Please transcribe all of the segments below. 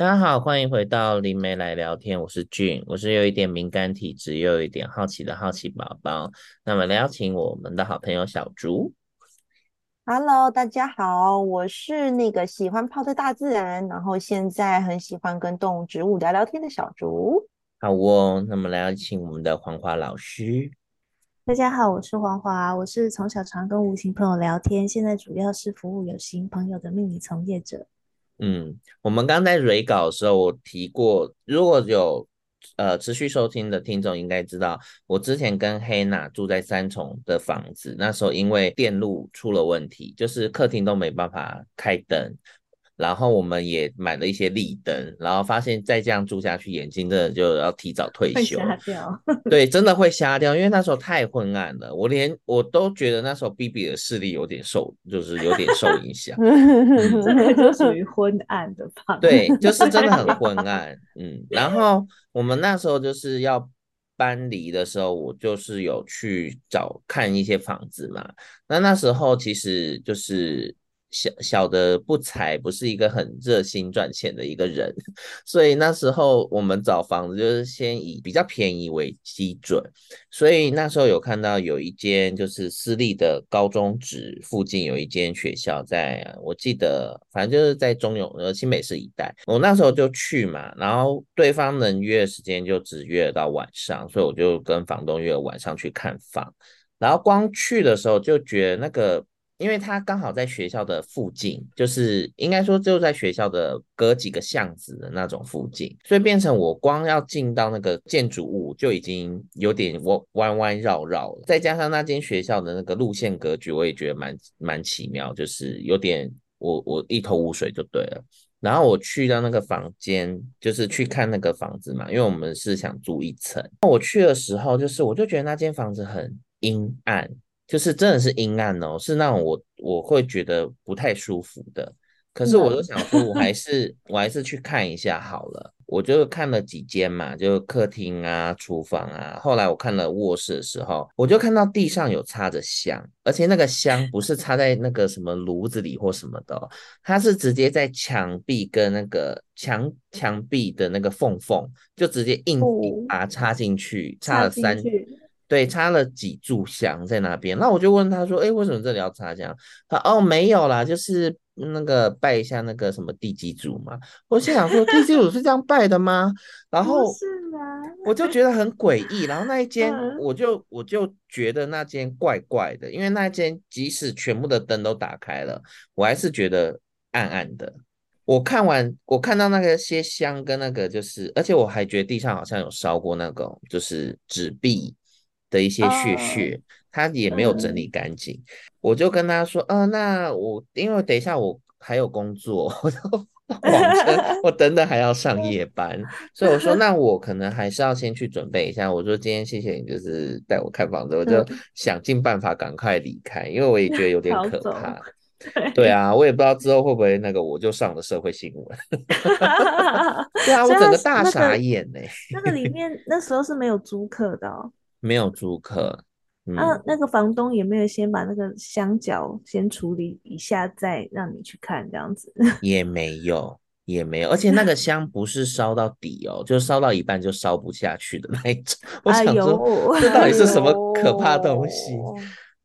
大家好，歡迎回到靈媒來聊天，我是 Gin，我是有一點敏感體質又有一點好奇的好奇寶寶。那麼來邀請我們的好朋友曉築。Hello，大家好，我是那個喜歡泡在大自然，然後現在很喜歡跟動物植物聊聊天的曉築。好哦，那麼來邀請我們的煌華老師。大家好，我是煌華，我是從小常跟無形朋友聊天，現在主要是服務有形朋友的命理從業者。嗯，我們剛在蕊稿的時候，我提過，如果有呃持續收聽的聽眾應該知道，我之前跟黑娜住在三重的房子，那時候因為電路出了問題，就是客廳都沒辦法開燈。然後我們也買了一些立燈，然後發現再這樣住下去，眼睛真的就要提早退休。會瞎掉。對，真的會瞎掉。因為那時候太昏暗了，我連我都覺得那時候 BB 的視力有點受，就是有點受影響。真的、 嗯、就屬於昏暗的。對，就是真的很昏暗。嗯，然後我們那時候就是要搬離的時候，我就是有去找看一些房子嘛。那那時候其實就是。小小的不才，不是一個很熱心賺錢的一個人，所以那時候我們找房子就是先以比較便宜為基準，所以那時候有看到有一間就是私立的高中職附近有一間學校在，在我記得反正就是在中永呃，新北市一帶，我那時候就去嘛，然後對方能約時間就只約到晚上，所以我就跟房東約了晚上去看房，然後光去的時候就覺得那個。因為它剛好在學校的附近，就是應該說就在學校的隔幾個巷子的那種附近，所以變成我光要進到那個建築物就已經有點彎彎繞繞了。再加上那間學校的那個路線格局，我也覺得蠻蠻奇妙，就是有點我我一頭霧水就對了。然後我去到那個房間，就是去看那個房子嘛，因為我們是想住一層。那我去的時候，就是我就覺得那間房子很陰暗。就是真的是陰暗哦，是那種我我會覺得不太舒服的。可是我就想說，我還是 我還是去看一下好了。我就看了幾間嘛，就客廳啊、廚房啊。後來我看了臥室的時候，我就看到地上有插着香，而且那個香不是插在那個什麼爐子裡或什麼的哦，它是直接在牆壁跟那個牆牆，牆壁的那個縫縫，就直接硬啊、嗯、把它插進去，插了三。對，插了幾柱香在那邊，那我就問他說：“誒，為什麼這裡要插香？”他說：“哦，沒有啦，就是那個拜一下那個什麼地基主嘛。”我心想說：“地基主是這樣拜的嗎？” 然後，是我就覺得很詭異。然後那一間，我就我就覺得那間怪怪的，因為那一間即使全部的燈都打開了，我還是覺得暗暗的。我看完，我看到那個些香跟那個就是，而且我還覺得地上好像有燒過那個就是紙幣。的一些血血，哦、他也沒有整理乾淨，嗯、我就跟他說：“嗯、呃，那我因為等一下我還有工作，我， 我等等還要上夜班， 所以我說那我可能還是要先去準備一下。”我說：“今天謝謝你，就是帶我看房子。”我就想盡辦法趕快離開，嗯、因為我也覺得有點可怕。對，對啊，我也不知道之後會不會那個，我就上了社會新聞。 對啊，我整個大傻眼哎！那個、 那個裡面那時候是沒有租客的、哦。沒有租客，那、嗯啊、那個房東也沒有先把那個香腳先處理一下，再讓你去看這樣子。也沒有，也沒有，而且那個香不是燒到底哦， 就燒到一半就燒不下去的那一種。哎、呦 我想說，這到底是什麼可怕東西？哎、呦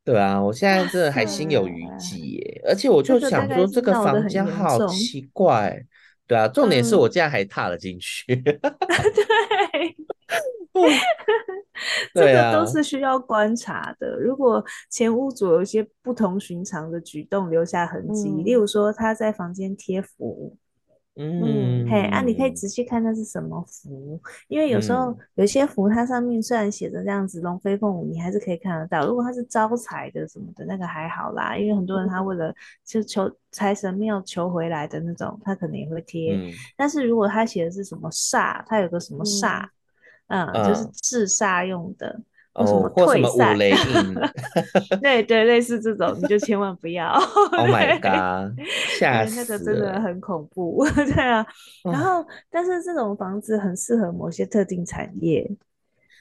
對啊，我現在真的還心有餘悸耶。塞而且我就想說，這個房間好奇怪。對啊，重點是我竟然還踏了進去。嗯、 對。 這個都是需要觀察的。啊、如果前屋主有一些不同尋常的舉動留下痕跡，嗯、例如說他在房間貼符，嗯，嗯嘿啊，你可以仔細看它是什麼符，因為有時候、嗯、有些符它上面雖然寫着這樣子龍飛鳳舞，你還是可以看得到。如果他是招財的什麼的，那個還好啦，因為很多人他為了就求財神廟求回來的那種，他可能也會貼。嗯、但是如果他寫的是什麼煞，他有個什麼煞。嗯啊，嗯嗯、就是自殺用的，哦、或者什麼類雷 對，對對，類似這種你就千萬不要。 對 oh my god！嚇死了，那個真的很恐怖。對啊，然後、哦、但是這種房子很適合某些特定產業，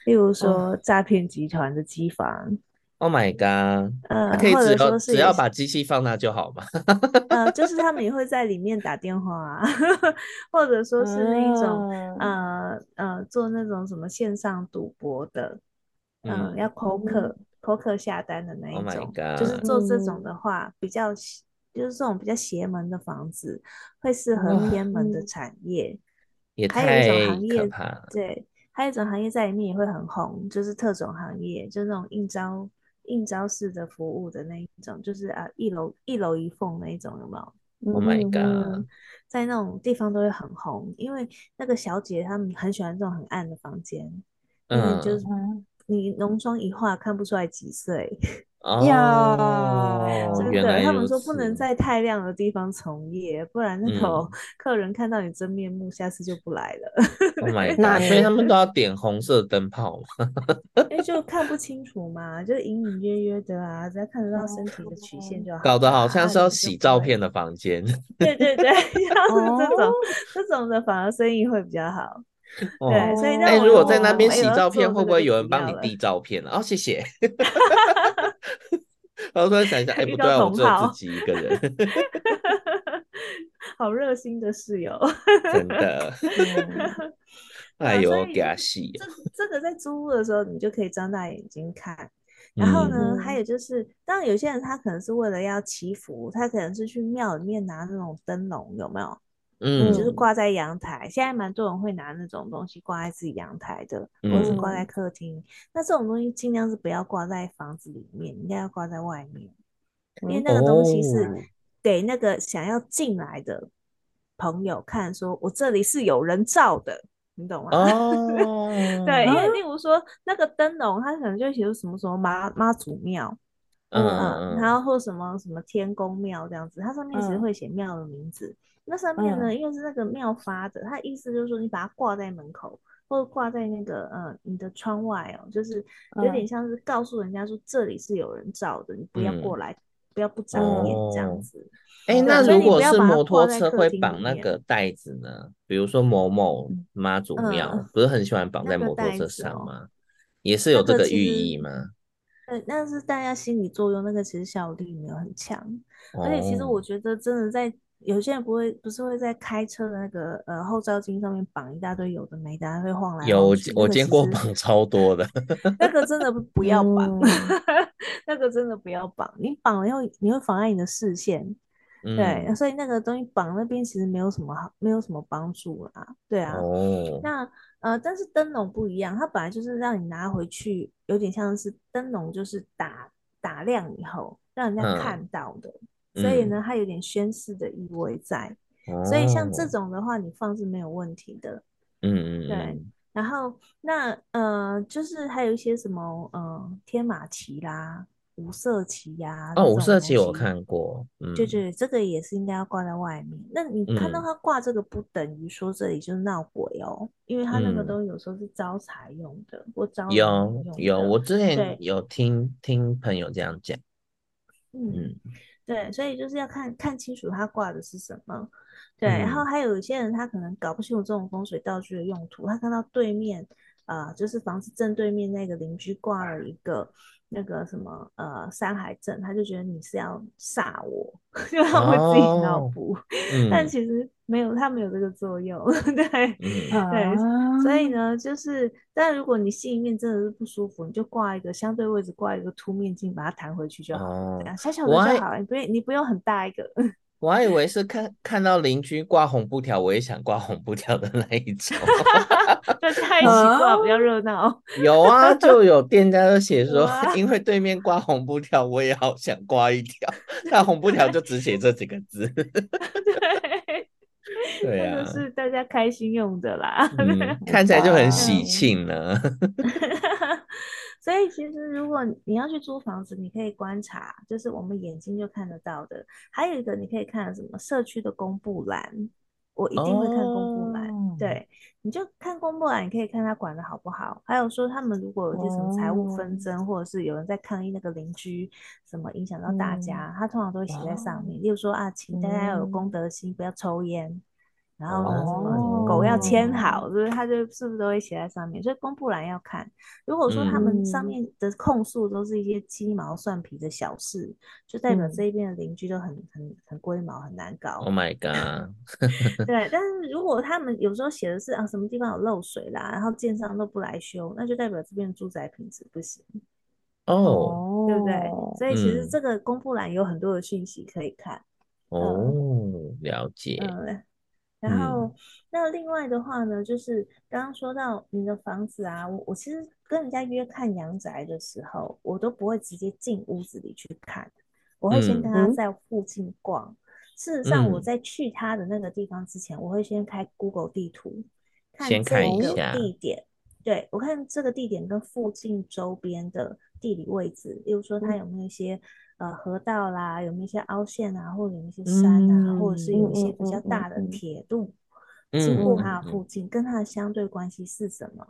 例如說詐騙集團的機房。Oh my god！嗯、呃、啊、可以只或者說是，是只要把機器放那就好吧。嗯 呃，就是他們也會在裡面打電話、啊， 或者說是那種、嗯、呃呃做那種什麼線上賭博的，呃、嗯，要扣客扣客下單的那一種。Oh、my god, 就是做這種的話，嗯、比較就是這種比較邪門的房子會適合偏門的產業。嗯、也太還有一種行業，對，還有一種行業在裡面也會很紅，就是特種行業，就是、那種印章。應召式的服務的那一種，就是啊，一樓一樓一鳳那一種，有沒有？Oh my God，在那種地方都會很紅，因為那個小姐她們很喜歡這種很暗的房間，嗯，uh. 就是。你濃妝一化，看不出來幾歲。要、oh, 真的，他們說不能在太亮的地方從業，不然那頭客人看到你真面目，嗯、下次就不來了。那所以他們都要點紅色燈泡 因為就看不清楚嘛，就隱隱約約的啊，只要看得到身體的曲線就好。搞得好像是要洗照片的房間。 對，對對對，要是這種、oh. 這種的，反而生意會比較好。哦、對，所以那、欸、如果在那邊洗照片，會不會有人幫你遞照片了、啊？哦，謝謝。 我突然想一下，哎、欸，不對啊，我只有自己一個人。 好熱心的室友、哦， 真的。嗯、 哎呦，給他洗。這個、這個在租屋的時候，你就可以張大眼睛看。然後呢，嗯、還有就是，當然有些人他可能是為了要祈福，他可能是去廟裡面拿那種燈籠，有沒有？嗯，嗯就是掛在陽台，現在蠻多人會拿那種東西掛在自己陽台的，嗯、或者是掛在客廳。那這種東西儘量是不要掛在房子裡面，應該要掛在外面，嗯、因為那個東西是給那個想要進來的朋友看，說我這裡是有人罩的，你懂嗎？對，因為例如說那個燈籠，它可能就寫什麼什麼媽媽祖廟，嗯嗯、啊，然後、啊、或什麼什麼天公廟這樣子，它上面其實會寫廟的名字。那上面呢，又是那個廟發的，他意思就是說，你把它掛在門口，或者掛在那個呃你的窗外哦，就是有點像是告訴人家說，這裡是有人罩的，你不要過來，不要不長眼這樣子。哎，那如果是摩托車會綁那個袋子呢？比如說某某媽祖廟不是很喜歡綁在摩托車上嗎？也是有這個寓意嗎？對，但是大家心理作用，那個其實效力沒有很強。而且其實我覺得真的在。有些人不會，不是會在開車的那個呃後照鏡上面綁一大堆有的沒的，會晃來晃去。有我見過綁超多的， 那個真的不要綁，嗯、 那個真的不要綁，你綁了以後你會妨礙你的視線。嗯、對，所以那個東西綁那邊其實沒有什麼好，沒有什麼幫助啦。對啊，哦、那呃，但是燈籠不一樣，它本來就是讓你拿回去，有點像是燈籠，就是打打亮以後讓人家看到的。嗯所以呢，嗯、它有點宣示的意味在，哦、所以像這種的話，你放是沒有問題的。嗯嗯對。然後那呃，就是還有一些什麼呃，天馬旗啦，五色旗呀、啊。哦，五色旗我看過。嗯，對,對對，這個也是應該要掛在外面。嗯、那你看到他掛這個，不等於說這裡就是鬧鬼哦、喔，因為他那個東西有時候是招財用的，我招有有。我之前有聽對聽朋友這樣講。嗯。嗯對，所以就是要看看清楚他掛的是什麼，對、嗯。然後還有一些人，他可能搞不清楚這種風水道具的用途。他看到對面，呃，就是房子正對面那個鄰居掛了一個。那個什麼呃，山海鎮，他就覺得你是要煞我，因為他會自己腦補，嗯、但其實沒有，他沒有這個作用， 對、uh、對，所以呢，就是，但如果你心裡面真的是不舒服，你就掛一個相對位置掛一個凸面鏡，把它彈回去就好了，oh, 小小的就好了，你不用你不用很大一個。 我還以為是看看到鄰居掛紅布條，我也想掛紅布條的那一種。 那太奇怪，啊、比較熱鬧、哦。有啊，就有店家都寫說，哇因為對面刮紅布條，我也好想刮一條。那紅布條就只寫這幾個字。 對， 對啊，是大家開心用的啦。嗯、對看起來就很喜慶呢。 所以其實如果你要去租房子，你可以觀察，就是我們眼睛就看得到的。還有一個，你可以看什麼社區的公布欄。我一定會看公布欄，oh. 對，你就看公布欄，你可以看他管得好不好，還有說他們如果有些什麼財務紛爭，oh. 或者是有人在抗議那個鄰居，什麼影響到大家，oh. 他通常都會寫在上面，oh. 例如說啊，請大家要有公德心，oh. 不要抽菸。然後呢、oh, 什麼？什麼狗要牽好，就是不是？他就是不是都會寫在上面？所以公布欄要看。如果說他們上面的控訴都是一些雞毛蒜皮的小事，oh. 就代表這一邊的鄰居都很很很龜毛，很難搞。Oh my god！ 對，但是如果他們有時候寫的是啊什麼地方有漏水啦，然後建商都不來修，那就代表這邊的住宅品質不行。哦，oh. 對不對？所以其實這個公布欄有很多的訊息可以看。哦，了解。嗯然後，那另外的話呢，就是剛剛說到你的房子啊，我，我其實跟人家約看陽宅的時候，我都不會直接進屋子裡去看，我會先跟他在附近逛。嗯、事實上，我在去他的那個地方之前，嗯、我會先開 Google 地圖看一個地點，對，我看這個地點跟附近周邊的地理位置，例如說他有沒有一些。呃，河道啦，有沒有一些凹陷啊，或者有沒有一些山啊，嗯、或者是有一些比較大的鐵路，經過它的附近，嗯嗯嗯嗯、跟它的相對關係是什麼？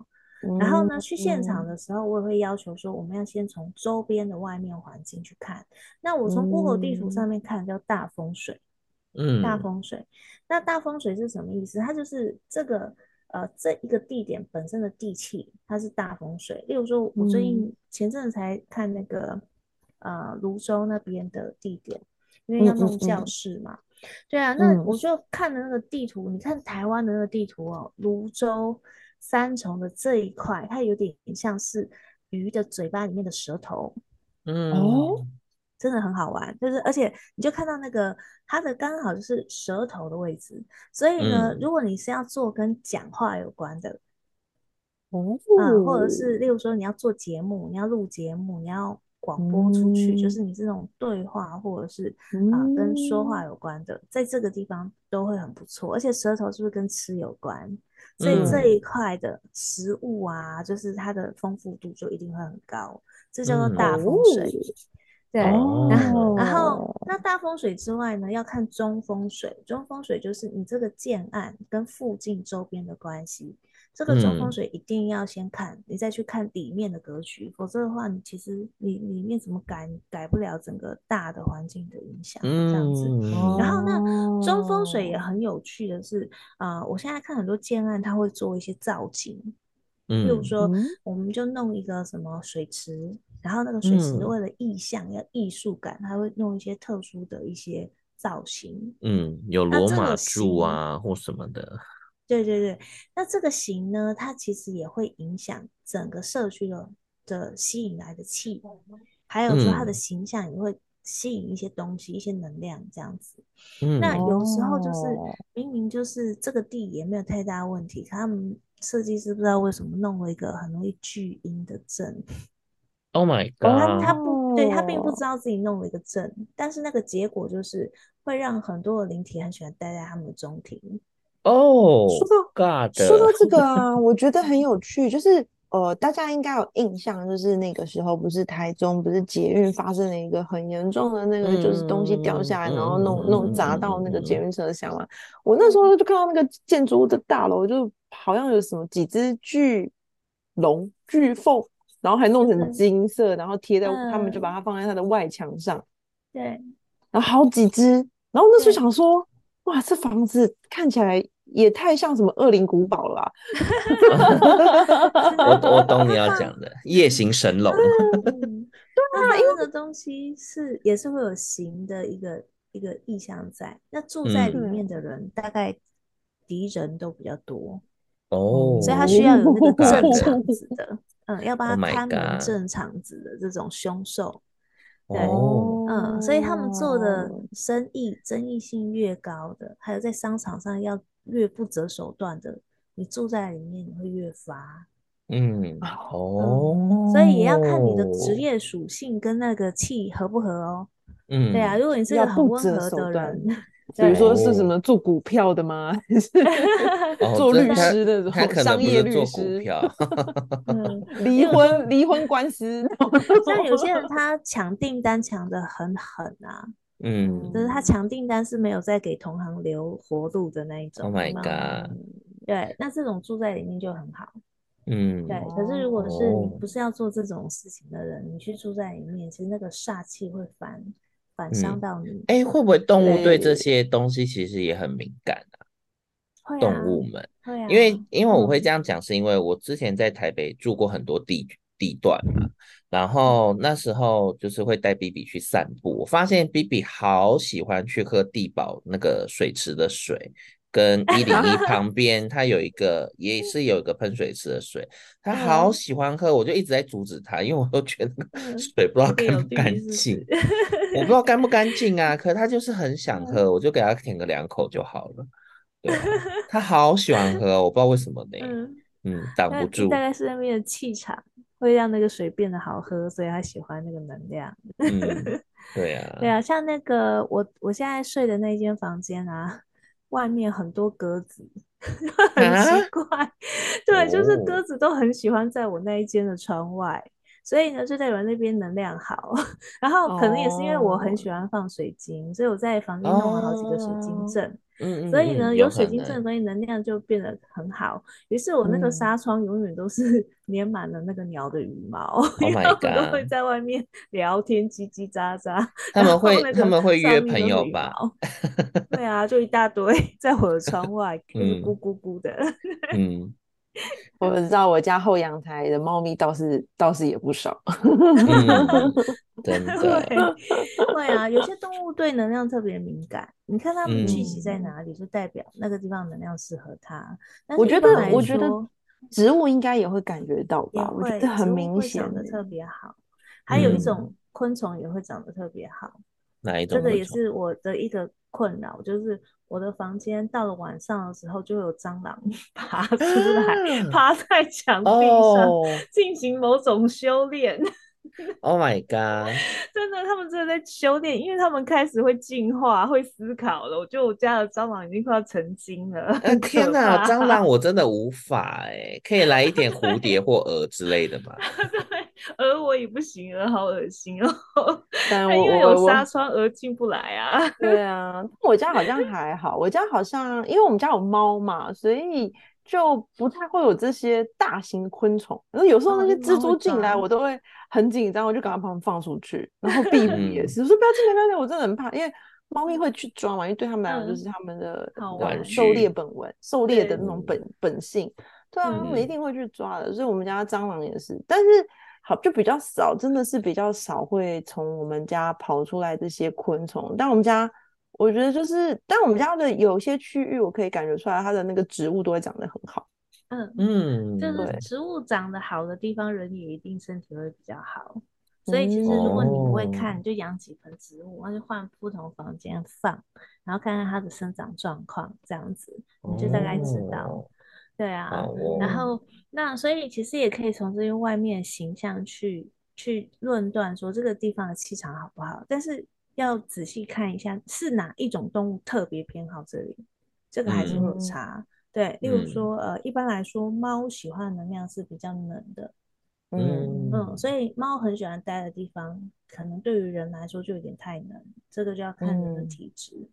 嗯、然後呢，去現場的時候，我也會要求說，我們要先從周邊的外面環境去看。嗯、那我從古河地圖上面看，叫大風水。嗯，大風水。那大風水是什麼意思？它就是這個呃，這一個地點本身的地氣，它是大風水。例如說，我最近前陣子才看那個。嗯呃，蘆洲那邊的地點，因為要弄教室嘛。嗯嗯、對啊，那我就看的那個地圖，嗯、你看台灣的那個地圖哦，蘆洲三重的這一塊，它有點像是魚的嘴巴裡面的舌頭。嗯、嗯，真的很好玩，就是而且你就看到那個它的剛好就是舌頭的位置，所以呢，嗯、如果你是要做跟講話有關的，嗯，啊、嗯，或者是例如說你要做節目，你要錄節目，你要。廣播出去，嗯、就是你這種對話或者是啊、嗯呃、跟說話有關的，在這個地方都會很不錯。而且舌頭是不是跟吃有關？所以這一塊的食物啊，嗯、就是它的豐富度就一定會很高。這叫做大風水。嗯哦哦、對、哦然後，然後那大風水之外呢，要看中風水。中風水就是你這個建案跟附近周邊的關係。這個中風水一定要先看、嗯、你再去看裡面的格局，否則的話，你其實你，你裡面怎麼改改不了整個大的環境的影響這樣子。嗯、然後那、哦、中風水也很有趣的是，啊、呃，我現在看很多建案，它會做一些造景，嗯，比如說我們就弄一個什麼水池，嗯、然後那個水池為了意象要藝術感，它會弄一些特殊的一些造型，嗯，有羅馬柱啊或什麼的。對對對，那這個型呢，它其實也會影響整個社區的的吸引來的氣，還有說它的形象也會吸引一些東西、一些能量這樣子。嗯、那有時候就是、哦、明明就是這個地也沒有太大問題，他們設計師不知道為什麼弄了一個很容易聚陰的陣。Oh my god！他他不對，他並不知道自己弄了一個陣，但是那個結果就是會讓很多的靈體很喜歡待在他們的中庭。哦，oh, God. 說到說到這個啊， 我覺得很有趣，就是呃，大家應該有印象，就是那個時候不是台中不是捷運發生了一個很嚴重的那個，就是東西掉下來，嗯、然後弄弄砸到那個捷運車廂嘛、啊。嗯嗯、我那時候就看到那個建築物的大樓，就好像有什麼幾隻巨龍、巨鳳，然後還弄成金色，嗯、然後貼在、嗯、他們就把它放在它的外牆上。對，然後好幾隻，然後那時候想說，對哇，這房子看起來。也太像什麼惡靈古堡了。我我懂你要講的夜行神龍。對啊，因為那個東西是也是會有形的一個一個意象在。那住在裡面的人大概敵人都比較多哦，所以他需要有那個鎮場子的，嗯，要幫他攀明鎮場子的這種凶獸。對，嗯，所以他們做的生意爭議性越高的，還有在商場上要。越不擇手段的，你住在裡面，你會越發。嗯，哦嗯，所以也要看你的職業屬性跟那個氣合不合哦。嗯，對啊，如果你是一個很溫和的人， 對比如說是什麼做股票的嗎？哦、 做律師的，商業律師。 嗯，離婚 離婚官司。 像有些人他搶訂單搶得很狠啊。嗯，就是他搶訂單是沒有在給同行留活路的那一種。Oh my god！、嗯、對，那這種住在裡面就很好。嗯，對。可是如果是你不是要做這種事情的人，哦、你去住在裡面，其實那個煞氣會反反傷到你。哎、嗯欸，會不會動物對這些東西其實也很敏感啊？對會啊動物們，會啊。會啊因為因為我會這樣講，是因為我之前在台北住過很多地區。地段嘛、啊，然後那時候就是會帶比比去散步，我發現比比好喜歡去喝帝寶那個水池的水，跟一零一旁邊它有一個 也是有一個噴水池的水，他好喜歡喝，我就一直在阻止他，因為我都覺得水不知道乾不乾淨，嗯這個、 我不知道乾不乾淨啊，可他就是很想喝，我就給他舔個兩口就好了，對、啊，他 好喜歡喝，我不知道為什麼呢，嗯，嗯，擋不住，大概是那邊的氣場。會讓那個水變得好喝，所以他喜歡那個能量。嗯、對呀、啊， 對啊，像那個我我現在睡的那間房間啊，外面很多鴿子，呵呵很奇怪。啊、 對，哦、就是鴿子都很喜歡在我那一間的窗外，所以呢就在我那邊能量好。 然後可能也是因為我很喜歡放水晶，哦、所以我在房間弄了好幾個水晶陣。嗯嗯嗯，所以呢，有水晶這種東西，能量就變得很好。於是，我那個紗窗永遠都是粘滿了那個鳥的羽毛，嗯、因為我們都會在外面聊天，嘰嘰、oh、喳喳。他們會羽毛，他們會約朋友吧？ 對啊，就一大堆在我的窗外，就 是咕咕咕的。嗯。嗯 我知道，我家後陽台的貓咪倒是倒是也不少，對，對，對啊，有些動物對能量特別敏感， 你看它們聚集在哪裡，就代表那個地方能量適合它。我覺得，我覺得植物應該也會感覺到吧？會我覺得很明顯，長得特別好。還有一種昆蟲也會長得特別好，哪一種？這個也是我的一個困擾就是我的房間到了晚上的時候，就會有蟑螂爬出來， 爬在牆壁上，oh. 進行某種修煉。 oh my god！真的，他們真的在修煉，因為他們開始會進化、會思考了。我覺得我家的蟑螂已經快要成精了。天哪，啊，蟑螂我真的無法哎，可以來一點蝴蝶或蛾之類的嗎？對 而我也不行了，好噁心哦！但我也有紗窗而進不來啊。對啊，我家好像還好，我家好像因為我們家有貓嘛，所以就不太會有這些大型昆蟲。然後有時候那些蜘蛛進來，我都會很緊張，我就趕快把它們放出去。然後壁虎也是、 嗯、我說不要進來，不要進來，我真的很怕，因為貓咪會去抓嘛，因為對他們來講就是他們的、嗯、狩獵本本狩獵的那種本、嗯、本性。對啊，嗯、他們一定會去抓的。所以我們家蟑螂也是，但是。好，就比較少，真的是比較少會從我們家跑出來這些昆蟲。但我們家，我覺得就是，但我們家的有些區域，我可以感覺出來，它的那個植物都會長得很好。嗯嗯，對就是植物長得好的地方，人也一定身體會比較好。所以其實如果你不會看，嗯、就養幾盆植物，那就換不同房間放，然後看看它的生長狀況，這樣子你就大概知道。嗯對啊，哦、然後那所以其實也可以從這些外面形象去去論斷說這個地方的氣場好不好，但是要仔細看一下是哪一種動物特別偏好這裡，這個還是會有差。嗯、對，嗯、例如說呃，一般來說貓喜歡的能量是比較冷的，嗯嗯，所以貓很喜歡待的地方，可能對於人來說就有點太冷，這個就要看人的體質，嗯。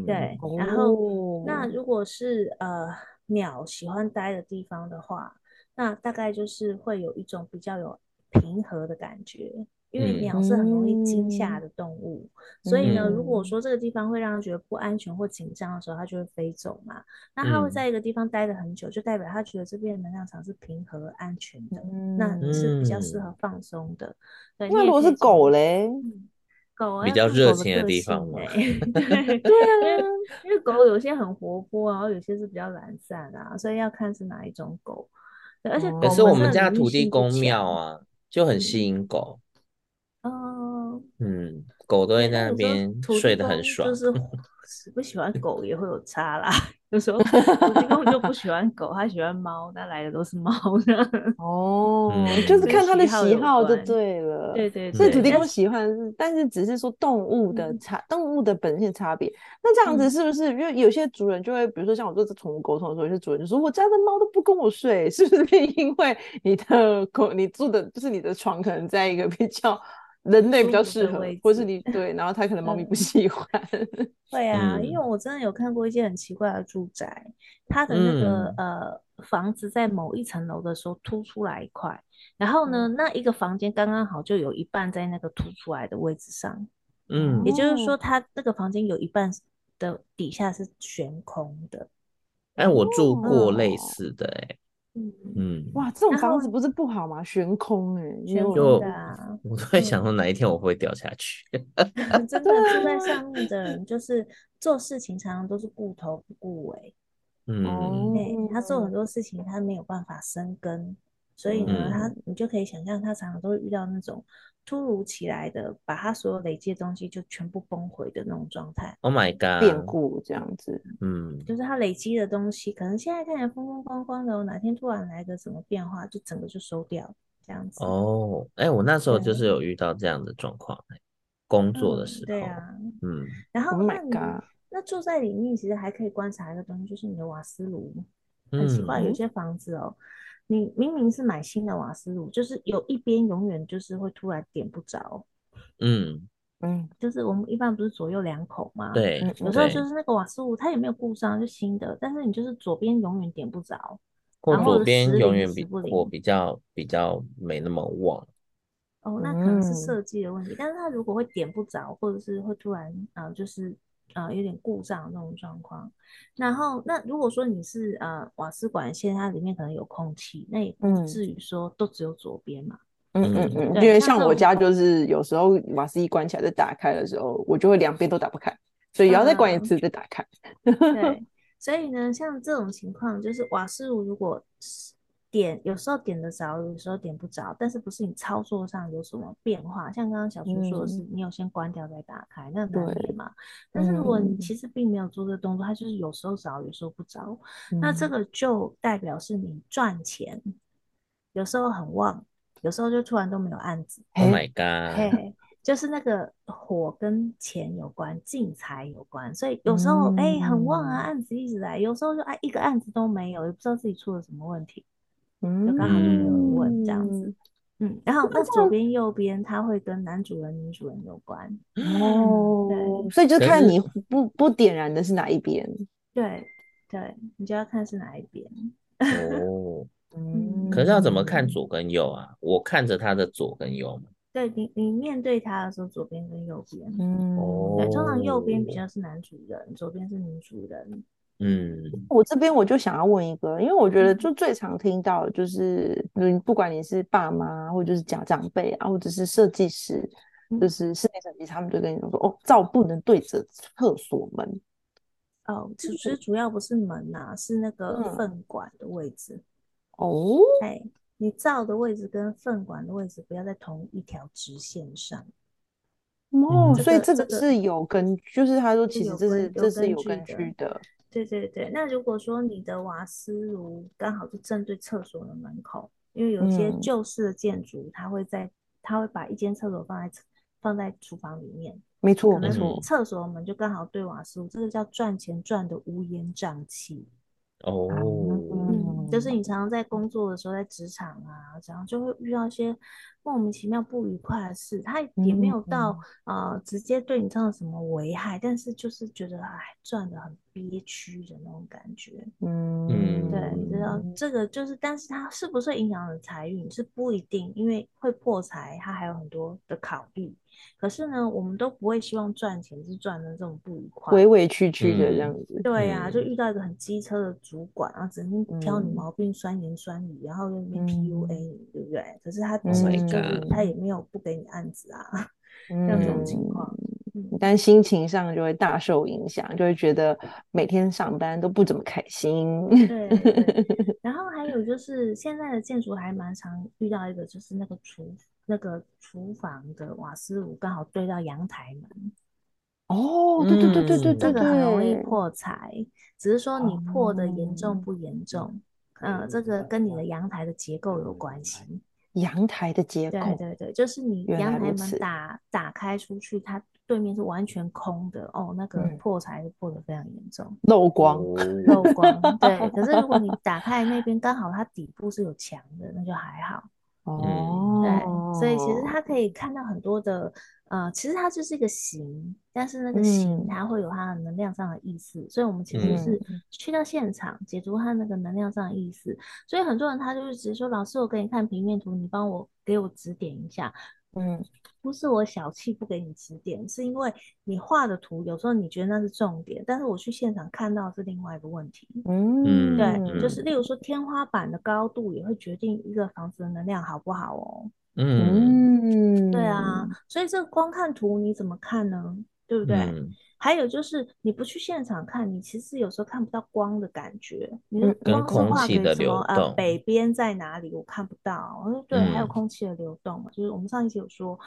嗯，對，然後、哦、那如果是呃。鳥喜歡待的地方的話，那大概就是會有一種比較有平和的感覺，因為鳥是很容易驚嚇的動物，嗯、所以呢，如果說這個地方會讓他覺得不安全或緊張的時候，它就會飛走嘛。那它會在一個地方待了很久，嗯、就代表它覺得這邊的能量場是平和安全的，嗯、那你是比較適合放鬆的。那、嗯、對如果是狗嘞？啊、比較熱情的地方玩，欸 啊。因為狗有些很活潑，然後有些是比較懶散的，啊，所以要看是哪一種狗。嗯、而且是可是我們家土地公廟啊，就很吸引狗。嗯嗯，狗都會在那邊睡得很爽。不喜歡狗也會有差啦，有時候土地公就不喜歡狗，他 喜歡貓，但來的都是貓的。哦， 嗯、就是看他的喜好 就對了。對，對對，所以土地公喜歡，但是只是說動物的差，嗯、動物的本性差別。那這樣子是不是？因為有些主人就會，比如說像我做這寵物溝通的時候，嗯、有些主人就說，我家的貓都不跟我睡，是不是因為你的狗，你住的就是你的床，可能在一個比較。人類比較適合，或是你對，然後他可能貓咪不喜歡。 嗯、 對啊，因為我真的有看過一間很奇怪的住宅，它的那個、嗯、呃房子，在某一層樓的時候凸出來一塊，然後呢、嗯、那一個房間剛剛好就有一半在那個凸出來的位置上，嗯，也就是說它那個房間有一半的底下是懸空的。哎，我住過類似的、欸。嗯嗯，哇，這種房子不是不好嗎？懸後空哎、欸，有就對我都在想說哪一天我會掉下去。對 真的，對住在上面的人就是做事情常常都是顧頭不顧尾，嗯對，他做很多事情他沒有辦法生根，所以呢，嗯、他你就可以想象他常常都會遇到那種。突如其來的，把他所有累積的東西就全部崩毀的那種狀態。Oh my god！變故這樣子，嗯，就是他累積的東西，可能現在看起來風風光光的，哪天突然來個什麼變化，就整個就收掉這樣子。哦，哎，我那時候就是有遇到這樣的狀況，欸，對工作的時候。嗯、對啊，嗯。然後那，Oh my god！那住在裡面其實還可以觀察一個東西，就是你的瓦斯爐。嗯、很奇怪，有些房子哦、喔。你明明是買新的瓦斯爐，就是有一邊永遠就是會突然點不着。嗯嗯，就是我們一般不是左右兩口嘛。對、嗯，有時候就是那個瓦斯爐對它也沒有故障，就新的，但是你就是左邊永遠點不着，然後左邊永遠比不我比較比較沒那麼旺。哦，那可能是設計的問題。嗯、但是它如果會點不着，或者是會突然啊，就是。啊、呃，有點故障的那種狀況。然後，那如果說你是、呃、瓦斯管線，它裡面可能有空氣，那也不至於說都只有左邊嘛。嗯嗯嗯，因為像我家就是有時候瓦斯一關起來再打開的時候，我就會兩邊都打不開，所以要再關一次再打開。嗯、 對，所以呢，像這種情況就是瓦斯如果。點有時候點得着，有時候點不着，但是不是你操作上有什麼變化？像剛剛曉築說的是，嗯、你有先關掉再打開，那都可以嘛。對但是如果你其實並沒有做這個動作，嗯、它就是有時候着，有時候不着。嗯、那這個就代表是你賺錢，有時候很旺，有時候就突然都沒有案子。欸、Oh my God！、欸、就是那個火跟錢有關，進財有關，所以有時候哎、嗯欸、很旺啊，嗯、案子一直來；有時候就哎一個案子都沒有，也不知道自己出了什麼問題。嗯，剛好沒有人問這樣子，嗯，嗯，嗯，然後那左邊右邊它會跟男主人、女主人有關哦，對，是所以就看你不不點燃的是哪一邊，對對，你就要看是哪一邊 哦，嗯，可是要怎麼看左跟右啊？我看着他的左跟右嘛，對你你面對他的時候，左邊跟右邊，嗯、哦，對，通常右邊比較是男主人，嗯、左邊是女主人。嗯，我這邊我就想要問一個，因為我覺得就最常聽到的就是，嗯、不管你是爸媽或者就是家長輩啊，或者是設計師，就是室內設計師，他們就跟你說，嗯、哦，灶不能對着廁所門。哦、其、就、實、是、主要不是門吶、啊，是那個糞管的位置。嗯、哦，哎，hey, 你灶的位置跟糞管的位置不要在同一條直線上。哦、嗯，嗯、所以這個是有根據，嗯、就是他說，其實這是這是有根據的。對對對，那如果說你的瓦斯爐剛好是正對廁所的門口，因為有一些舊式的建築，嗯、它會在它會把一間廁所放在放在廚房裡面，沒錯，廁所門就剛好對瓦斯爐，沒錯，這個叫賺錢賺得烏煙瘴氣。哦、oh, 啊，嗯，嗯，就是你常常在工作的時候，在職場啊，這樣就會遇到一些莫名其妙不愉快的事，他也沒有到啊、嗯呃、直接對你造成什麼危害，但是就是覺得哎賺得很憋屈的那種感覺，嗯，嗯對，你知道這個就是，但是他是不是影響了財運是不一定，因為會破財，他還有很多的考慮。可是呢，我們都不會希望賺錢是賺的這種不愉快，委委屈屈的這樣子。嗯、對呀、啊，就遇到一個很機車的主管啊，整天，嗯、挑你毛病，酸言酸語，然後又在 PUA 你，嗯、對不對？可是他其實就，oh、他也沒有不給你案子啊，那、嗯、種情況。但心情上就會大受影響，就會覺得每天上班都不怎麼開心。 對，對，對，然後還有就是現在的建築還蠻常遇到一個，就是那個廚那個廚房的瓦斯爐剛好對到陽台門。哦，對對對對對對，嗯，這個很容易破財。嗯，只是說你破的嚴重不嚴重？嗯，呃，這個跟你的陽台的結構有關係。陽台的結構，對對，對，就是你陽台門打打開出去，它，對面是完全空的哦，那個破財，破的非常嚴重，漏、嗯、光，漏光。對， 可是如果你打開那邊，剛 好它底部是有牆的，那就還好。嗯、哦，對，所以其實它可以看到很多的，呃，其實它就是一個形，但是那個形它會有它的能量上的意思。嗯、所以我們其實是去到現場解讀它那個能量上的意思。嗯、所以很多人他就是直接說：“老師，我給你看平面圖，你幫我給我指點一下。”嗯，不是我小氣不給你指點，是因為你畫的圖有時候你覺得那是重點，但是我去現場看到是另外一個問題。嗯，對，就是例如說天花板的高度也會決定一個房子的能量好不好哦、喔。嗯，嗯，對啊，所以這個光看圖你怎麼看呢？對不對？嗯、還有就是你不去現場看，你其實有時候看不到光的感覺。嗯，跟空氣的流動。啊、呃，北邊在哪裡？我看不到。我說對，嗯、還有空氣的流動嘛，就是我們上一集有說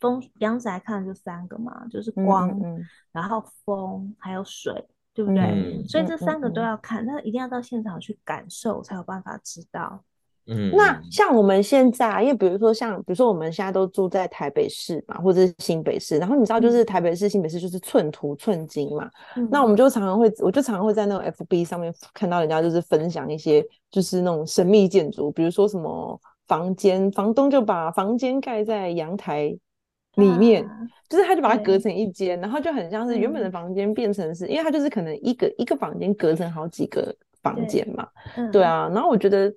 風，陽宅看就三個嘛，就是光，嗯嗯、然後風，還有水，對不對？嗯、所以這三個都要看，那、嗯、一定要到現場去感受，才有辦法知道。 那像我們現在，因為比如說像，比如說我們現在都住在台北市嘛，或者是新北市。然後你知道，就是台北市、嗯、新北市就是寸土寸金嘛。嗯、那我們就常常會，我就常常會在那種 FB 上面看到人家就是分享一些，就是那種神秘建築，比如說什麼房間，房東就把房間蓋在陽台裡面，啊、就是他就把它隔成一間，對然後就很像是原本的房間變成是，嗯、因為他就是可能一個一個房間隔成好幾個房間嘛。對，嗯、對啊，然後我覺得。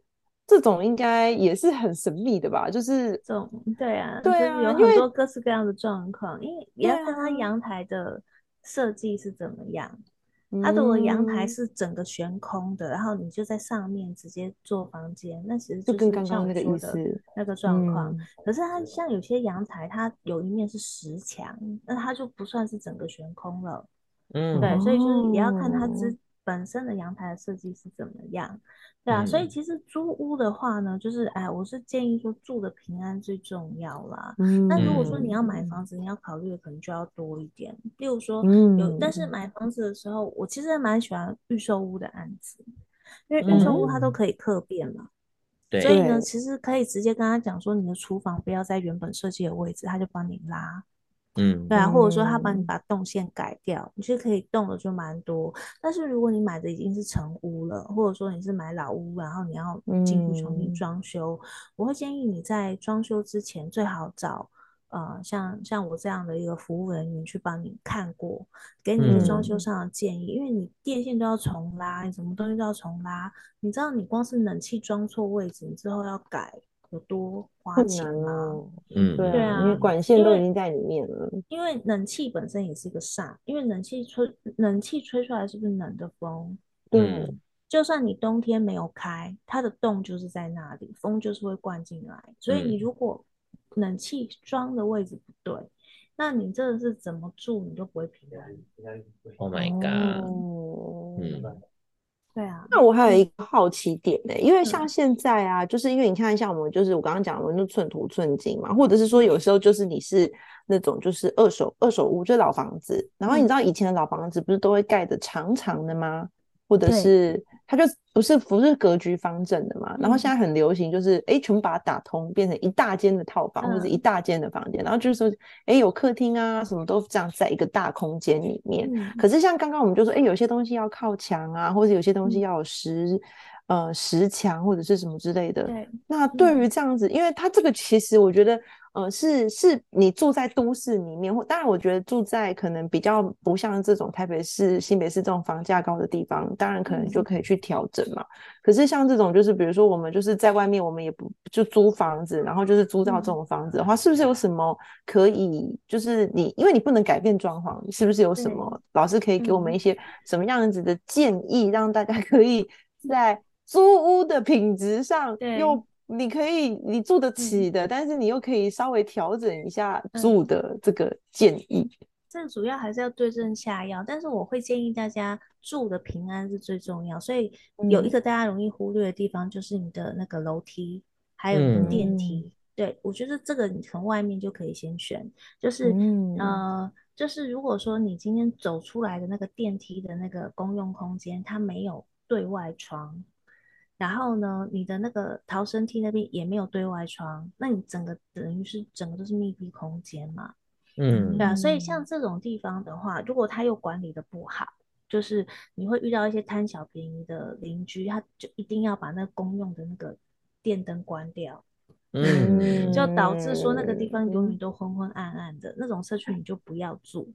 這種應該也是很神秘的吧？就是這種，對啊，對啊，有很多各式各樣的狀況，啊、因為你要看它陽台的設計是怎麼樣？它、啊嗯、的陽台是整個懸空的，然後你就在上面直接做房間，那其實就是像我的那個就剛剛那個意思那個狀況。嗯、可是它像有些陽台，它有一面是實牆，那它就不算是整個懸空了。嗯，對，所以就是你要看它之，嗯本身的陽台的設計是怎麼樣？對啊，嗯、所以其實租屋的話呢，就是哎，我是建議說住的平安最重要啦。嗯。但如果說你要買房子，嗯、你要考慮的可能就要多一點。例如說有，嗯、但是買房子的時候，我其實蠻喜歡預售屋的案子，因為預售屋它都可以客變嘛。對、嗯。所以呢，對其實可以直接跟他講說，你的廚房不要在原本設計的位置，他就幫你拉。嗯，對啊，或者說他幫你把動線改掉，嗯、你其實可以動的就蠻多。但是如果你買的已經是成屋了，或者說你是買老屋，然後你要進入重新裝修，嗯、我會建議你在裝修之前最好找呃像、像我這樣的一個服務人員去幫你看過，給你裝修上的建議，嗯、因為你電線都要重拉，你什麼東西都要重拉，你知道你光是冷氣裝錯位置你之後要改。有多花錢啊？嗯，對啊，因為管線都已經在裡面了。因為，因為冷氣本身也是一個煞，因為冷氣吹冷氣吹出來是不是冷的風？對、嗯，就算你冬天沒有開，它的洞就是在那裡，風就是會灌進來。所以你如果冷氣裝的位置不對，嗯、那你這是怎麼住你都不會平安。平平 oh my god！、嗯嗯對啊，那我還有一個好奇點呢、欸，嗯、因為像現在啊，就是因為你看，像我們就是我剛剛講的，就寸土寸金嘛，或者是說有時候就是你是那種就是二手二手屋，就是、老房子，然後你知道以前的老房子不是都會蓋的長長的嗎？嗯或者是對它就不是不是格局方正的嘛，嗯、然後現在很流行就是哎，全部把它打通，變成一大間的套房，嗯，或者是一大間的房間，然後就是說哎，有客廳啊，什麼都這樣在一個大空間裡面。嗯，可是像剛剛我們就說哎，有些東西要靠牆啊，或者有些東西要有實，嗯，呃實牆或者是什麼之類的。對那對於這樣子，嗯，因為它這個其實我覺得。呃，是是，你住在都市裡面，或當然，我覺得住在可能比較不像這種台北市、新北市這種房價高的地方，當然可能就可以去調整嘛。嗯、可是像這種，就是比如說我們就是在外面，我們也不就租房子，然後就是租到這種房子的話，嗯、是不是有什麼可以？就是你因為你不能改變裝潢，是不是有什麼、嗯、老師可以給我們一些什麼樣子的建議，嗯、讓大家可以在租屋的品質上又？你可以你住得起的，嗯、但是你又可以稍微調整一下住的這個建議。嗯嗯、這個、主要還是要對症下藥，但是我會建議大家住的平安是最重要。所以有一個大家容易忽略的地方，就是你的那個樓梯還有你的電梯。嗯、對，我覺得這個你從外面就可以先選，就是、嗯、呃，就是如果說你今天走出來的那個電梯的那個公用空間，它沒有對外窗。然後呢，你的那個逃生梯那邊也沒有對外窗，那你整個等於是整個都是密閉空間嘛。嗯，對啊，所以像這種地方的話，如果他又管理的不好，就是你會遇到一些貪小便宜的鄰居，他就一定要把那公用的那個電燈關掉，嗯， 就導致說那個地方永遠都昏昏暗暗的。那種社區你就不要住，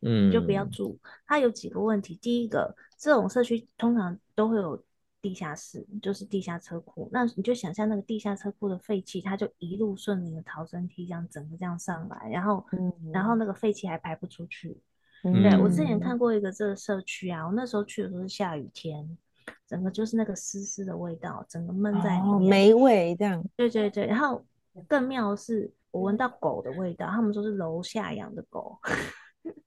嗯，你就不要住。它有幾個問題，第一個，這種社區通常都會有。地下室，就是地下車庫，那你就想象那個地下車庫的廢氣，它就一路順着逃生梯這樣整個這樣上來，然後，嗯、然後那個廢氣還排不出去。嗯、對，我之前看過一個這個社區啊，我那時候去的時候是下雨天，整個就是那個濕濕的味道，整個悶在裡面，霉、哦、味這樣。對對對，然後更妙的是，我聞到狗的味道，他們說是樓下養的狗。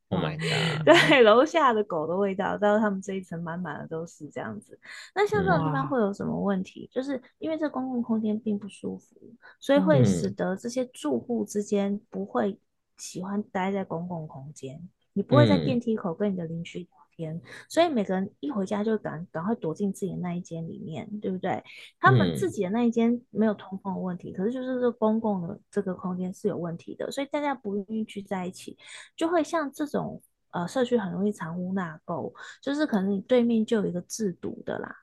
我、oh、 對樓下的狗的味道，到他們這一層滿滿的都是這樣子。那像這種地方會有什麼問題？哇就是因為這公共空間並不舒服，所以會使得這些住戶之間不會喜歡待在公共空間。嗯、你不會在電梯口跟你的鄰居天，所以每個人一回家就趕趕快躲進自己的那一間裡面，對不對？他們自己的那一間沒有通風的問題，嗯、可是就是這公共的這個空間是有問題的，所以大家不願意去在一起，就會像這種呃社區很容易藏污納垢，就是可能你對面就有一個制毒的啦，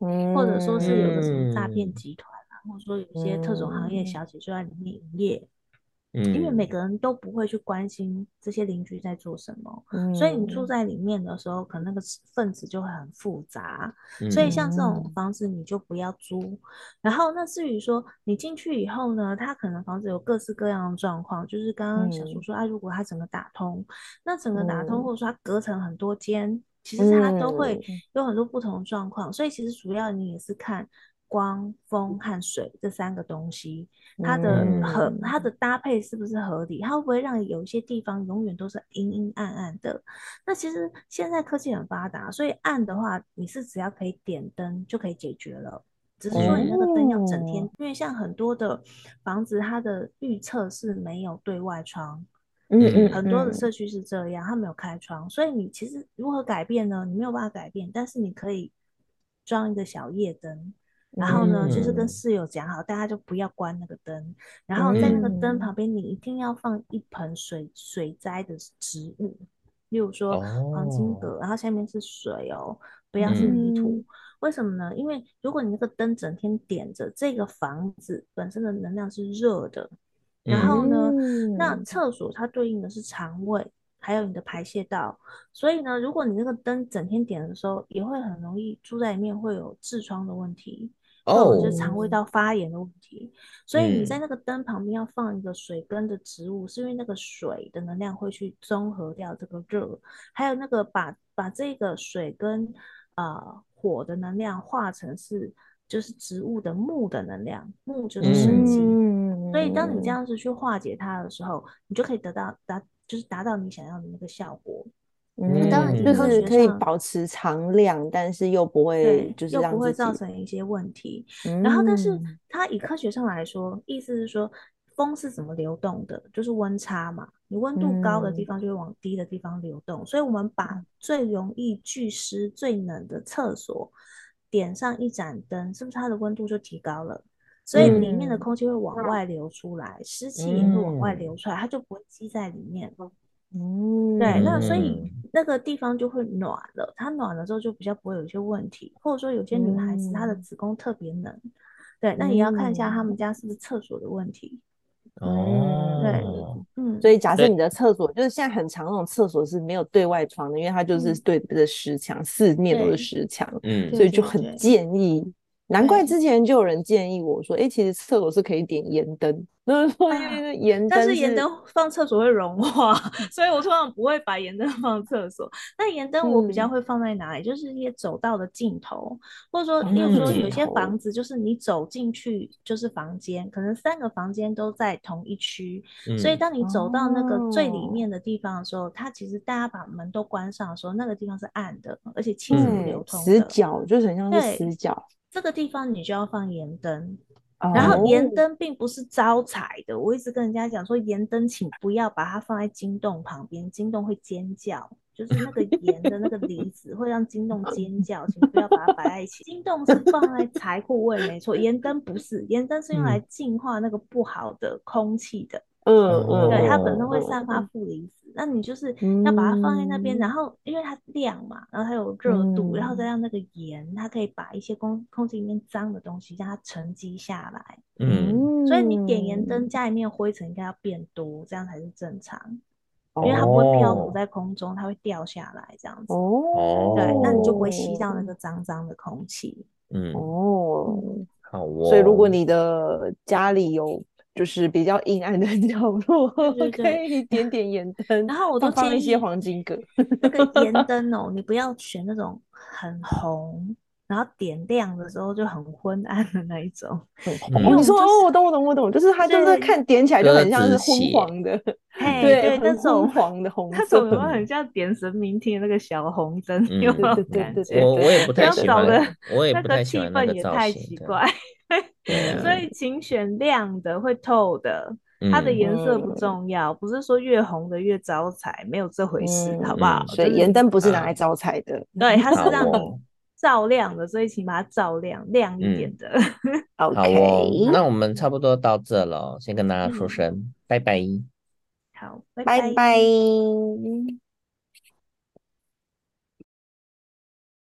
嗯、或者說是有個什麼詐騙集團啊，或者說有些特種行業小姐就在裡面營業。嗯嗯嗯，因為每個人都不會去關心這些鄰居在做什麼，嗯、所以你住在裡面的時候，可能那個分子就會很複雜。嗯、所以像這種房子你就不要租。嗯、然後那至於說你進去以後呢，它可能房子有各式各樣的狀況，就是剛剛曉築說、嗯、啊，如果它整個打通，那整個打通、嗯、或者說它隔成很多間，其實它都會有很多不同的狀況。嗯、所以其實主要你也是看。光、風和水這三個東西，它的很，它的搭配是不是合理？它會不會讓有一些地方永遠都是陰陰暗暗的？那其實現在科技很發達，所以暗的話，你是只要可以點燈就可以解決了。只是說你那個燈要整天，嗯、因為像很多的房子，它的浴廁，是沒有對外窗。嗯嗯，嗯，很多的社區是這樣，它沒有開窗，所以你其實如何改變呢？你沒有辦法改變，但是你可以裝一個小夜燈。然後呢，就是跟室友講好，大家就不要關那個燈。然後在那個燈旁邊，你一定要放一盆水水栽的植物，例如說黃金葛，哦、然後下面是水哦，不要是泥土。嗯、為什麼呢？因為如果你那個燈整天點着，這個房子本身的能量是熱的。然後呢，嗯、那廁所它對應的是腸胃，還有你的排泄道，所以呢，如果你那個燈整天點的時候，也會很容易住在裡面會有痔瘡的問題。Oh, 或者就是腸胃道發炎的問題，所以你在那個燈旁邊要放一個水根的植物，嗯、是因為那個水的能量會去中和掉這個熱，還有那個把把這個水跟、呃、火的能量化成是就是植物的木的能量，木就是生機。嗯、所以當你這樣子去化解它的時候，你就可以得到達就是達到你想要的那個效果。嗯，當然就是可以保持常亮，但是又不會就是讓自己又不會造成一些問題。嗯、然後，但是它以科學上來說，意思是說風是怎麼流動的，就是溫差嘛。你溫度高的地方就會往低的地方流動，嗯、所以我們把最容易聚濕、最冷的廁所點上一盞燈，是不是它的溫度就提高了？所以裡面的空氣會往外流出來，濕氣也會往外流出來，它就不會積在裡面。嗯，對，那所以那個地方就會暖了，它暖了之後就比較不會有一些問題，或者說有些女孩子她的子宮特別冷，嗯、對，那也要看一下他們家是不是廁所的問題。哦、嗯，對，嗯，嗯，所以假設你的廁所就是現在很常那種廁所是沒有對外窗的，因為它就是對的實牆，嗯、四面都是實牆，嗯對，所以就很建議，對對對對。難怪之前就有人建議我說：“欸、其實廁所是可以點鹽燈。”那放鹽燈，但是鹽燈、啊、放廁所會融化，所以我通常不會把鹽燈放廁所。那鹽燈我比較會放在哪裡？嗯、就是一些走道的盡頭，或者說，哦那個、例如說有些房子就是你走進去就是房間，可能三個房間都在同一區，嗯、所以當你走到那個最裡面的地方的時候，哦、它其實大家把門都關上的時候，那個地方是暗的，而且氣是不流通的、嗯，死角就是、很像是死角。這個地方你就要放鹽燈，oh. 然後鹽燈並不是招財的。我一直跟人家講說，鹽燈請不要把它放在金洞旁邊，金洞會尖叫，就是那個鹽的那個離子會讓金洞尖叫， 請不要把它擺在一起。 金洞是放在財庫位沒錯，鹽燈不是，鹽燈是用來淨化那個不好的空氣的，嗯嗯，嗯對，嗯嗯、它本身會散發負離子。那你就是要把它放在那邊，然後因為它亮嘛，然後它有熱度，然後再讓那個鹽，它可以把一些空空氣裡面髒的東西讓它沉積下來。嗯，所以你點鹽燈，家裡面灰塵應該要變多，這樣才是正常，因為它不會漂浮在空中，它會掉下來這樣子。哦，對，那你就不會吸到那個髒髒的空氣。嗯，哦，好哦。所以如果你的家裡有。就是比較陰暗的角落，可以、okay, 點點鹽燈，然後我都放一些黃金葛 那個鹽燈哦，你不要選那種很紅。然後點亮的時候就很昏暗的那一種，你說哦，我懂我懂我懂，就是它就是看點起來就很像是昏黃的，對對，那種黃的紅，那種有沒有很像點神明天那個小紅燈，有沒有感覺？我我也不太喜歡，我也氣氛也太奇怪，所以請選亮的，會透的，它的顏色不重要，不是說越紅的越招財，沒有這回事，好不好？所以鹽燈不是拿來招財的，對，它是讓。照亮的，所以起碼照亮，亮一點的。嗯、 好哦， 那我們差不多到這了，先跟大家說聲、嗯、拜拜。好，拜拜。拜拜。